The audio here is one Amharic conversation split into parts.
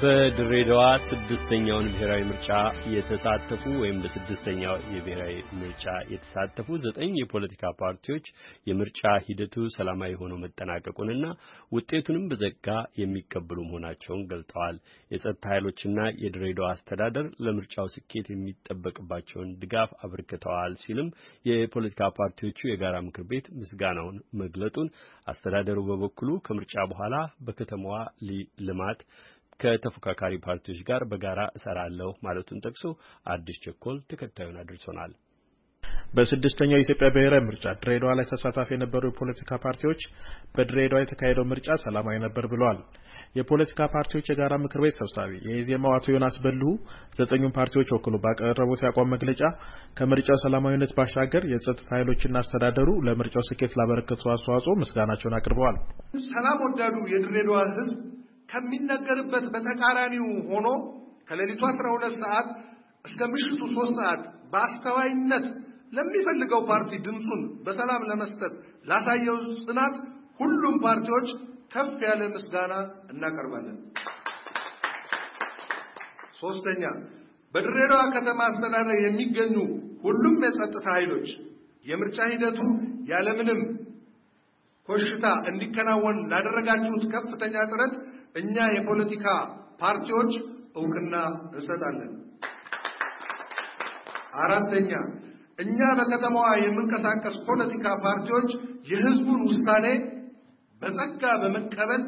በድሬዳዋ ስድስተኛውን ብሔራዊ ምርጫ የተሳተፉ ወይም በስድስተኛው የብሔራዊ ምርጫ የተሳተፉ ዘጠኝ የፖለቲካ ፓርቲዎች የምርጫ ሂደቱ ሰላማዊ ሆኖ መጠናቀቁንና ውጤቱንም በዘጋ የሚቀበሉ መሆናቸውን ገልጠዋል። የጸጥታ ኃይሎችና የድሬዳዋ አስተዳደር ለምርጫው ስኬት የሚጠበቅባቸውን ድጋፍ አበርክተዋል ሲልም የፖለቲካ ፓርቲዎቹ የጋራ ምክር ቤት ምስጋናውን መግለጡን አስተዳደሩ በበኩሉ ከምርጫ በኋላ በከተማዋ ልማት ከተፎካካሪ ፓርቲዎች ጋር በጋራ እሰራለሁ ማለቱን ጠቅሶ አዲስ ቸኮል ተከታዩን አድርሶናል። በስድስተኛው የኢትዮጵያ ብሔራዊ ምርጫ ድሬዳዋ ላይ ተሳታፊ የነበሩ የፖለቲካ ፓርቲዎች በድሬዳዋ የተካሄደው ምርጫ ሰላማዊ ነበር ብለዋል። የፖለቲካ ፓርቲዎች የጋራ ምክር ቤት ሰብሳቢ የኢዜማው አቶ ዮናስ በልሁ ዘጠኙን ፓርቲዎች ወክሎ ባቀረቡት የአቋም መግለጫ ከምርጫው ሰላማዊነት ባሻገር የጸጥታ ኃይሎችና አስተዳደሩ ለምርጫው ስኬት ላበረከቱ አስተዋጽኦ ምስጋናቸውን አቅርበዋል። ሰላም ወዳዱ የድሬዳዋ ሕዝብ ከሚነገርበት በተቃራኒው ሆኖ ከሌሊቱ 12 ሰዓት እስከ ምሽቱ 3 ሰዓት በአስተዋይነት ለሚፈልገው ፓርቲ ድምፁን በሰላም ለመስጠት ላሳየው ጽናት ሁሉም ፓርቲዎች ከፍ ያለ ምስጋና እናቀርባለን። ሶስተኛ በድሬዳዋ ከተማ አስተዳደር የሚገኙ ሁሉም የጸጥታ ኃይሎች የምርጫ ሂደቱ ያለምንም ኮሽታ እንዲከናወን ላደረጋችሁት ከፍተኛ ጥረት እኛ የፖለቲካ ፓርቲዎች እውቅና እንሰጣለን። አራተኛ እኛ በከተማዋ የምንቀሳቀስ ፖለቲካ ፓርቲዎች የህዝቡን ውሳኔ በጸጋ በመቀበል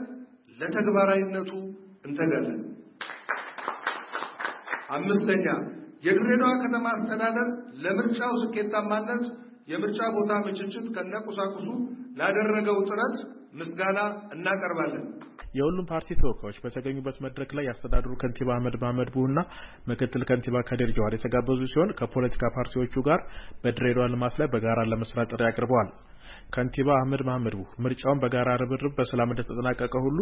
ለተግባራዊነቱ እንተጋለን። አምስተኛ የድሬዳዋ ከተማ አስተዳደር ለምርጫው ስኬታማነት የምርጫ ቦታ ምችችት ከነቁሳቁሱ ላደረገው ጥረት ምስጋና እናቀርባለን። የሁሉም ፓርቲ ተወካዮች በተገኙበት መድረክ ላይ ያስተዳደሩ ከንቲባ አህመድ ማህመድ ቡና ምክትል ከንቲባ ከዴር ጀዋር የተጋበዙ ሲሆን ከፖለቲካ ፓርቲዎቹ ጋር በድሬዳዋ ልማት ላይ በጋራ ለመስራት ጥሪ አቅርበዋል። ከንቲባ አህመድ ማህመድ ቡህ ምርጫውን በጋራ ርብርብ በሰላም እንደተጠናቀቀ ሁሉ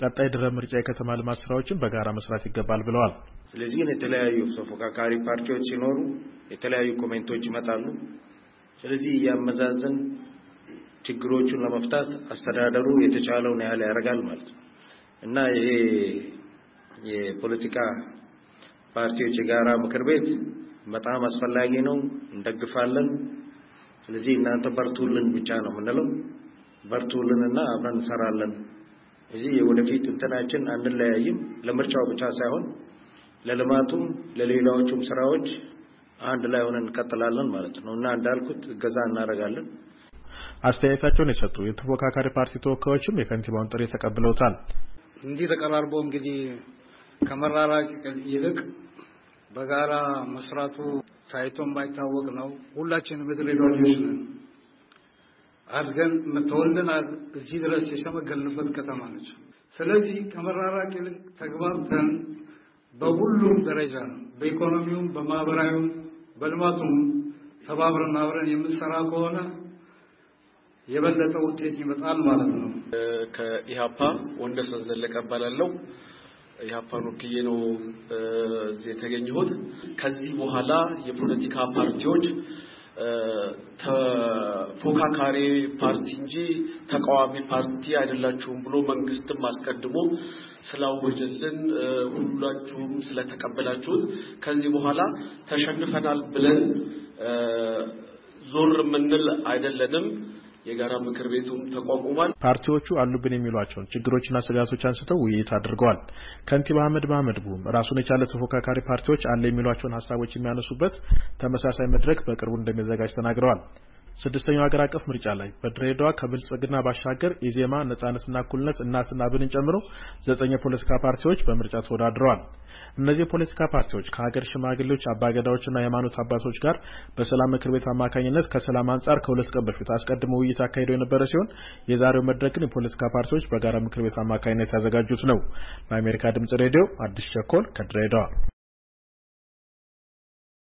ቀጣይ ድረ ምርጫ የከተማ ልማት ስራዎችን በጋራ መስራት ይገባል ብለዋል። ስለዚህ የተለያዩ ተፎካካሪ ፓርቲዎች ሲኖሩ የተለያዩ ኮሜንቶች ይመጣሉ። ስለዚህ እያመዛዘን ችግሮቹን ለመፍታት አስተዳደሩ የተቻለውን ያህል ያደርጋል ማለት ነው። እና ይሄ የፖለቲካ ፓርቲዎች የጋራ ምክር ቤት በጣም አስፈላጊ ነው፣ እንደግፋለን። ስለዚህ እናንተ በርቱልን ብቻ ነው የምንለው። እና አብረን እንሰራለን። እዚህ የወደፊት እንትናችን አንለያይም። ለምርጫው ብቻ ሳይሆን ለልማቱም ለሌላዎቹም ስራዎች አንድ ላይ ሆነን እንቀጥላለን ማለት ነው እና እንዳልኩት እገዛ እናደርጋለን። አስተያየታቸውን የሰጡ የተፎካካሪ ፓርቲ ተወካዮችም የከንቲባውን ጥሪ ተቀብለውታል። እንዲህ ተቀራርቦ እንግዲህ ከመራራቅ ይልቅ በጋራ መስራቱ ታይቶ የማይታወቅ ነው። ሁላችንም ምድር ልጆች አድገን ተወልደን እዚህ ድረስ የሸመገልንበት ከተማ ነች። ስለዚህ ከመራራቅ ይልቅ ተግባብተን በሁሉም ደረጃ በኢኮኖሚውም፣ በማህበራዊውም፣ በልማቱም ተባብረን አብረን የምንሰራ ከሆነ የበለጠ ውጤት ይመጣል ማለት ነው። ከኢህአፓ ወንደሰን ዘለቀ እባላለሁ። ኢህአፓን ወክዬ ነው እዚህ የተገኘሁት። ከዚህ በኋላ የፖለቲካ ፓርቲዎች ተፎካካሪ ፓርቲ እንጂ ተቃዋሚ ፓርቲ አይደላችሁም ብሎ መንግስትም አስቀድሞ ስላወጀልን ሁላችሁም ስለተቀበላችሁት ከዚህ በኋላ ተሸንፈናል ብለን ዞር የምንል አይደለንም። የጋራ ምክር ቤቱም ተቋቁሟል። ፓርቲዎቹ አሉብን የሚሏቸውን ችግሮችና ስጋቶች አንስተው ውይይት አድርገዋል። ከንቲባ አህመድ ማህመድ ቡም ራሱን የቻለ ተፎካካሪ ፓርቲዎች አለ የሚሏቸውን ሀሳቦች የሚያነሱበት ተመሳሳይ መድረክ በቅርቡ እንደሚዘጋጅ ተናግረዋል። ስድስተኛው ሀገር አቀፍ ምርጫ ላይ በድሬዳዋ ከብልጽግና ባሻገር ኢዜማ፣ ነጻነትና እኩልነት፣ እናትና አብንን ጨምሮ ዘጠኝ የፖለቲካ ፓርቲዎች በምርጫ ተወዳድረዋል። እነዚህ የፖለቲካ ፓርቲዎች ከሀገር ሽማግሌዎች፣ አባገዳዎችና የሃይማኖት አባቶች ጋር በሰላም ምክር ቤት አማካኝነት ከሰላም አንጻር ከሁለት ቀን በፊት አስቀድሞ ውይይት አካሂደው የነበረ ሲሆን የዛሬው መድረክ ግን የፖለቲካ ፓርቲዎች በጋራ ምክር ቤት አማካኝነት ያዘጋጁት ነው። ለአሜሪካ ድምጽ ሬዲዮ አዲስ ቸኮል ከድሬዳዋ